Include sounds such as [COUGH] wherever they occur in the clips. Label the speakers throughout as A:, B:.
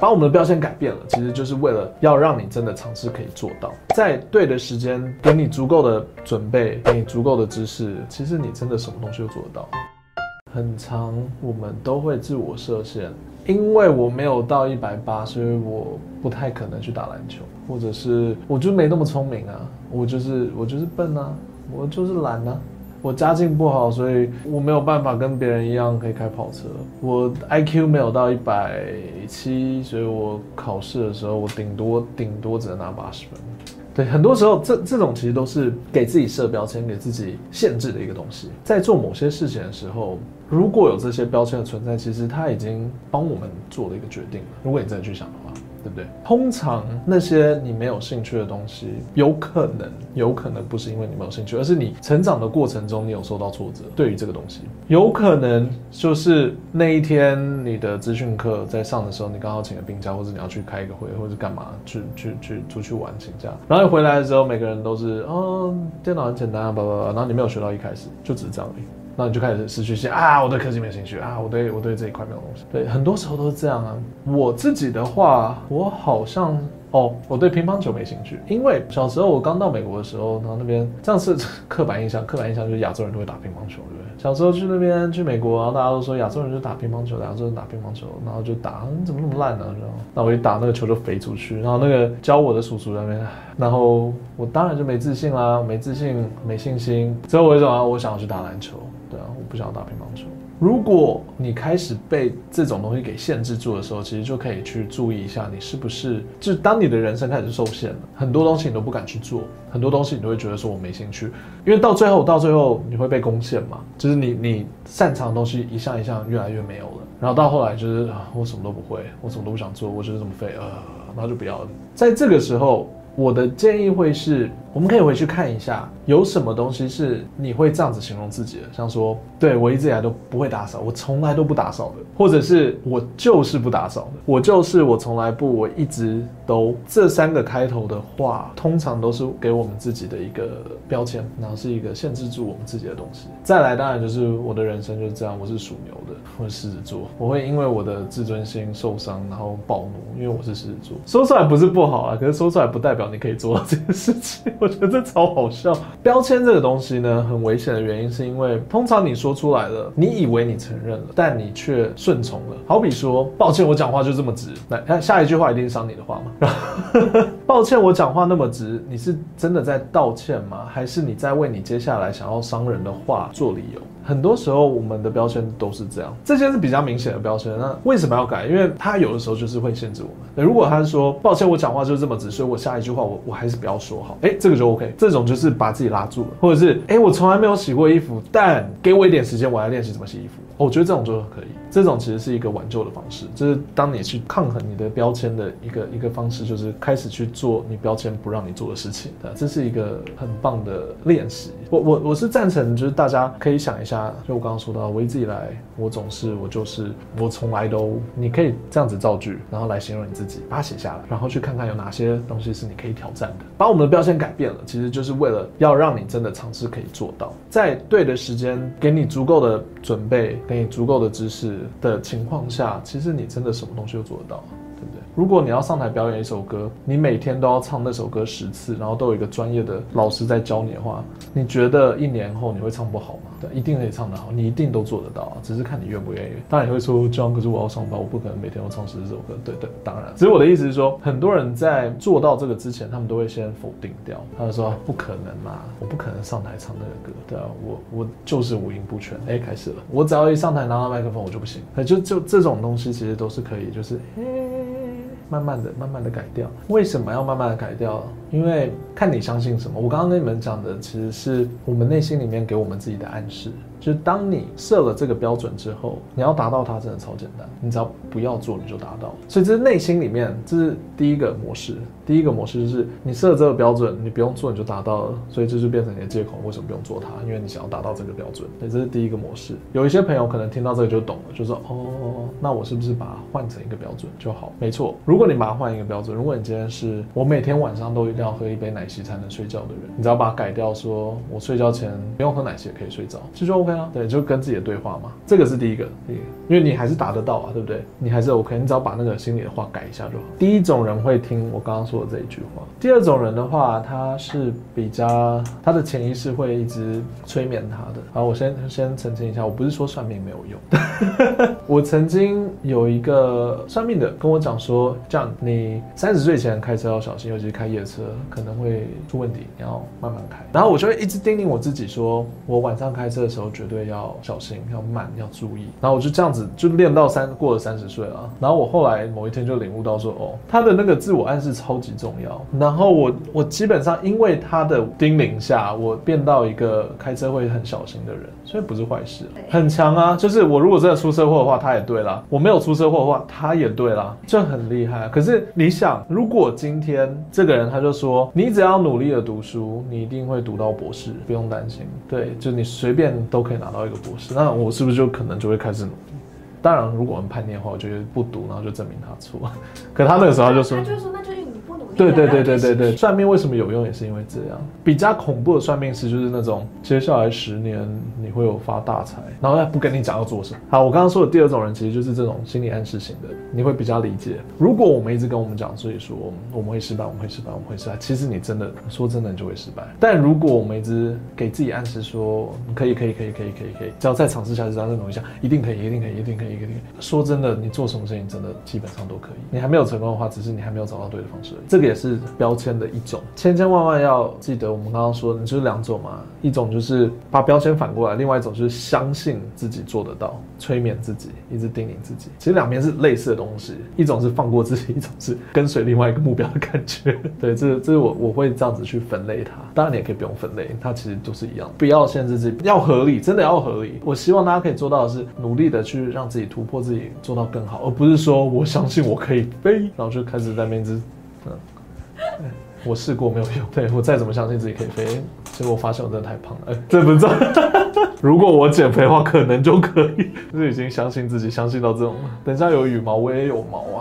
A: 把我們的標籤改變了，其實就是為了要讓你真的嘗試可以做到，在對的時間給你足夠的準備，給你足夠的知識，其實你真的什麼東西都做得到。很常，我們都會自我設限，因為我沒有到一百八，所以我不太可能去打籃球，或者是我就沒那麼聰明啊，我就是我就是笨啊，我就是懶啊。我家境不好，所以我沒有辦法跟別人一樣可以開跑車。我 IQ 沒有到一百七，所以我考試的時候我，我頂多頂多只能拿八十分。對，很多時候這這種其實都是給自己設標籤、給自己限制的一個東西。在做某些事情的時候，如果有這些標籤的存在，其實它已經幫我們做了一個決定了。如果你再去想的話。對不對？通常那些你沒有興趣的東西，有可能，有可能不是因為你沒有興趣，而是你成長的過程中你有受到挫折。對於這個東西，有可能就是那一天你的資訊課在上的時候，你剛好請了病假，或者你要去開一個會，或者幹嘛，去去去出去玩請假，然後你回來的時候，每個人都是啊、哦，電腦很簡單啊，叭叭叭，然後你沒有學到，一開始就只是這樣而已。那你就開始失去興趣啊！我對科技沒興趣啊！我對我對這一塊沒有東西。對，很多時候都是這樣啊。我自己的話，我好像哦，我對乒乓球沒興趣，因為小時候我剛到美國的時候，然後那邊這樣是刻板印象，刻板印象就是亞洲人都會打乒乓球，對不對？小時候去那邊去美國，然後大家都說亞洲人就打乒乓球，亞洲人打乒乓球，然後就打，你怎麼那麼爛呢？然後那我一打那個球就飛出去，然後那個教我的叔叔在那邊，然後我當然就沒自信啦，沒自信，沒信心，所以我就說，我想要去打籃球。對啊，我不想要打乒乓球。如果你開始被這種東西給限制住的時候，其實就可以去注意一下，你是不是就是當你的人生開始受限了，很多東西你都不敢去做，很多東西你都會覺得說我沒興趣，因為到最後，到最後你會被攻陷嘛，就是你你擅長的東西一項一項越來越沒有了，然後到後來就是、啊、我什麼都不會，我什麼都不想做，我就是這麼廢，呃，那就不要了，在這個時候。我的建議會是，我們可以回去看一下，有什麼東西是你會這樣子形容自己的，像說，對我一直以來都不會打掃，我從來都不打掃的，或者是我就是不打掃的，我就是我從來不，我一直都，這三個開頭的話，通常都是給我們自己的一個標籤，然後是一個限制住我們自己的東西。再來，當然就是我的人生就是這樣，我是屬牛的，我是獅子座，我會因為我的自尊心受傷，然後暴怒，因為我是獅子座，說出來不是不好啊，可是說出來不代表。你可以做到這件事情，我覺得這超好笑。標籤這個東西呢，很危險的原因是因為，通常你說出來了，你以為你承認了，但你卻順從了。好比說，抱歉，我講話就這麼直，來看下一句話一定是傷你的話嘛。 [LAUGHS] 抱歉，我講話那麼直，你是真的在道歉嗎？還是你在為你接下來想要傷人的話做理由？很多時候，我們的標籤都是這樣。這些是比較明顯的標籤。那為什麼要改？因為他有的時候就是會限制我們。如果他是說：“抱歉，我講話就是這麼直，所以我下一句話我我還是不要說好。”欸，哎，這個就 OK。這種就是把自己拉住了，或者是哎、欸，我從來沒有洗過衣服，但給我一點時間，我來練習怎麼洗衣服。我覺得這種就可以。這種其實是一個挽救的方式，就是當你去抗衡你的標籤的一個一個方式，就是開始去。做你標籤不讓你做的事情的。對，這是一個很棒的練習。我我我是贊成，就是大家可以想一下，就我剛剛說到，我一直以來，我總是，我就是，我從來都，你可以這樣子造句，然後來形容你自己，把它寫下來，然後去看看有哪些東西是你可以挑戰的。把我們的標籤改變了，其實就是為了要讓你真的嘗試可以做到，在對的時間給你足夠的準備，給你足夠的知識的情況下，其實你真的什麼東西都做得到。如果你要上台表演一首歌，你每天都要唱那首歌十次，然後都有一個專業的老師在教你的話，你覺得一年後你會唱不好嗎？對，一定可以唱得好，你一定都做得到啊，只是看你願不願意。當然你會說，Jon， [NOISE] 可是我要上班，我不可能每天都唱十首歌。對對，當然。所以我的意思是說，很多人在做到這個之前，他們都會先否定掉，他們說不可能嘛，我不可能上台唱那個歌。對啊，我我就是五音不全。哎，開始了，我只要一上台拿到麥克風，我就不行。哎就就這種東西，其實都是可以，就是。慢慢的，慢慢的改掉。為什麼要慢慢的改掉？因為看你相信什麼。我剛剛跟你們講的，其實是我們內心裡面給我們自己的暗示。就是當你設了這個標準之後，你要達到它真的超簡單，你只要不要做你就達到，所以這是內心裡面，這是第一個模式。第一個模式就是你設了這個標準，你不用做你就達到了，所以這就變成你的借口為什麼不用做它？因為你想要達到這個標準，對，這是第一個模式。有一些朋友可能聽到這個就懂了，就說哦，哦，哦哦、那我是不是把它換成一個標準就好？沒錯，如果你把它換一個標準，如果你今天是我每天晚上都一定要喝一杯奶昔才能睡覺的人，你只要把它改掉，說我睡覺前不用喝奶昔也可以睡着，就說對啊，對，就跟自己的對話嘛，這個是第一個，因為你還是達得到啊，對不對？你還是我、OK，你只要把那個心裡的話改一下就好。第一種人會聽我剛剛說的這一句話，第二種人的話，他是比較他的潛意識會一直催眠他的。好，我先、先澄清一下，我不是說算命沒有用。 [LAUGHS] 我曾經有一個算命的跟我講說，這樣你三十歲前開車要小心，尤其是開夜車可能會出問題，你要慢慢開。然後我就會一直叮嚀我自己說，我晚上開車的時候。絕對要小心，要慢，要注意。然後我就這樣子就練到三過了三十歲了。然後我後來某一天就領悟到說，哦，他的那個自我暗示超級重要。然後我我基本上因為他的叮嚀下，我變到一個開車會很小心的人，所以不是壞事，很強啊。就是我如果真的出車禍的話，他也對啦，我沒有出車禍的話，他也對啦，就很厲害。可是你想，如果今天這個人他就說，你只要努力的讀書，你一定會讀到博士，不用擔心。對，就你隨便都。可以拿到一個博士，那我是不是就可能就會開始努力？當然，如果我們叛逆的話，我覺得不讀，然後就證明他錯。可他那個時候就說。對對對對對對，算命為什麼有用也是因為這樣。比較恐怖的算命師就是那種接下來十年你會有發大財，然後他不跟你講要做什麼。好，我剛剛說的第二種人其實就是這種心理暗示型的，你會比較理解。如果我們一直跟我們講，自己說我們會失敗，我們會失敗，我們會失敗。其實你真的說真的，你就會失敗。但如果我們一直給自己暗示說可以，可以，可以，可以，可以，可以，只要再嘗試下，只要再努一下，一定可以，一定可以，一定可以，一定可以。說真的，你做什麼事情真的基本上都可以。你還沒有成功的話，只是你還沒有找到對的方式而已。這個。也是標籤的一種，千千萬萬要記得我們剛剛說的，就是兩種嘛，一種就是把標籤反過來，另外一種就是相信自己做得到，催眠自己，一直叮嚀自己。其實兩邊是類似的東西，一種是放過自己，一種是跟隨另外一個目標的感覺。對，這是這是我我會這樣子去分類它。當然你也可以不用分類，它其實都是一樣。不要限制自己，要合理，真的要合理。我希望大家可以做到的是，努力的去讓自己突破自己，做到更好，而不是說我相信我可以飛，然後就開始在那邊、就是、嗯。我試過沒有用，對，我再怎麼相信自己可以飛，結果我發現我真的太胖了，欸、這不照。 [LAUGHS] 如果我減肥的話，可能就可以。就是已經相信自己，相信到這種了。等一下有羽毛，我也有毛啊。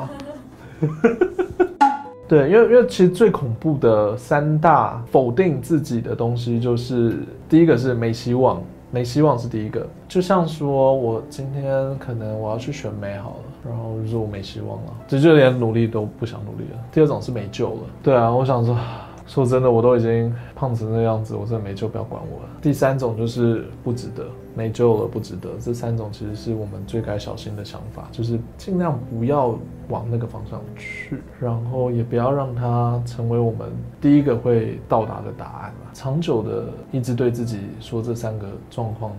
A: [LAUGHS] 對，因為因為其實最恐怖的三大否定自己的東西，就是第一個是沒希望，沒希望是第一個。就像說我今天可能我要去選美好了。然後就是我沒希望了，直接連努力都不想努力了。第二種是沒救了，對啊，我想說，說真的，我都已經胖成那樣子，我真的沒救，不要管我了。第三種就是不值得，沒救了，不值得。這三種其實是我們最該小心的想法，就是盡量不要往那個方向去，然後也不要讓它成為我們第一個會到達的答案了。長久的一直對自己說這三個狀況。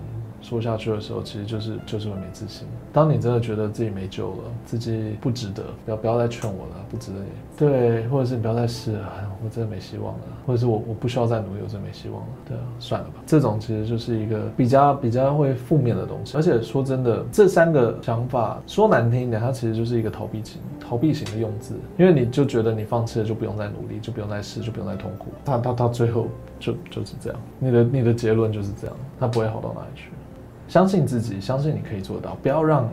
A: 說下去的時候，其實就是就是會沒自信。當你真的覺得自己沒救了，自己不值得，不要不要再勸我了，不值得。對，或者是你不要再試了，我真的沒希望了，或者是我我不需要再努力，我真的沒希望了。對，算了吧。這種其實就是一個比較比較會負面的東西。而且說真的，這三個想法說難聽一點，它其實就是一個逃避型逃避型的用字，因為你就覺得你放棄了就不用再努力，就不用再試，就不用再痛苦。它它他，他最後就就是這樣，你的你的結論就是這樣，它不會好到哪裡去。相信自己，相信你可以做到，不要讓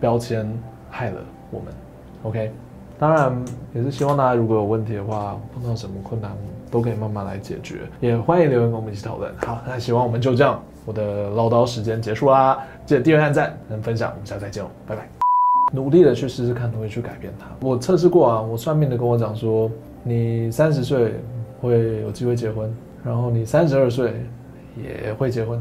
A: 標籤害了我們。OK，當然也是希望大家如果有問題的話，碰到什麼困難都可以慢慢來解決，也歡迎留言跟我們一起討論。好，那希望我們就這樣，我的嘮叨時間結束啦，記得訂閱、點讚、跟分享，我們下次再見，拜拜。努力的去試試看，努力去改變它。我測試過啊，我算命的跟我講說，你三十歲會有機會結婚，然後你三十二歲也會結婚。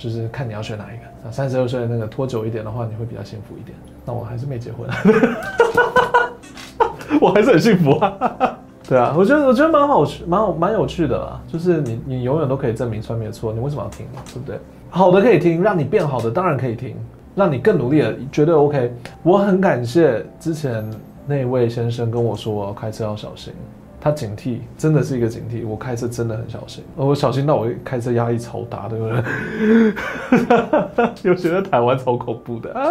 A: 就是看你要選哪一個，三十六歲，那個拖久一點的話，你會比較幸福一點。那我還是沒結婚， [LAUGHS] 我還是很幸福，啊。 [LAUGHS] 對啊，我覺得我覺得蠻好，蠻好蠻有趣的啦。就是你你永遠都可以證明算命的沒有錯，你為什麼要聽？對不對？好的可以聽，讓你變好的當然可以聽，讓你更努力的絕對 OK。我很感謝之前那位先生跟我說，開車要小心。他警惕，真的是一個警惕。我開車真的很小心，我小心到我開車壓力超大，對不對？ [LAUGHS] 有覺得台灣超恐怖的啊，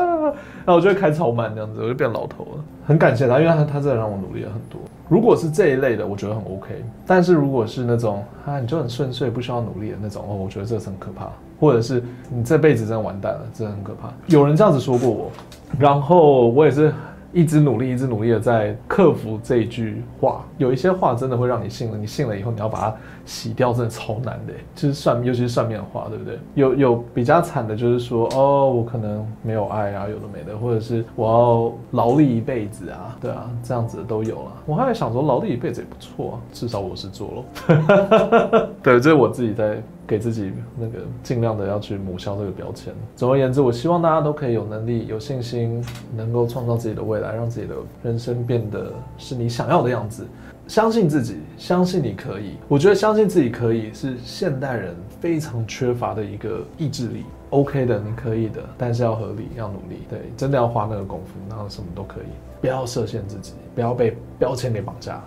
A: 那我就會開超慢這樣子，我就變老頭了。很感謝他，因為他他真的讓我努力了很多。如果是這一類的，我覺得很 OK。但是如果是那種啊，你就很順遂，不需要努力的那種哦，我覺得這是很可怕。或者是你這輩子真的完蛋了，真的很可怕。有人這樣子說過我，然後我也是。一直努力，一直努力的在克服這一句話。有一些話真的會讓你信了，你信了以後，你要把它洗掉，真的超難的，欸。就是算，尤其是算命的話，對不對？有有比較慘的，就是說，哦，我可能沒有愛啊，有的沒的，或者是我要勞力一輩子啊，對啊，這樣子的都有了。我還在想說，勞力一輩子也不錯，啊，至少我是做了。 [LAUGHS] 對，這是我自己在。給自己那個盡量的要去抹消這個標籤。總而言之，我希望大家都可以有能力、有信心，能夠創造自己的未來，讓自己的人生變得是你想要的樣子。相信自己，相信你可以。我覺得相信自己可以是現代人非常缺乏的一個意志力。OK 的，你可以的，但是要合理，要努力，對，真的要花那個功夫，然後什麼都可以。不要設限自己，不要被標籤給綁架。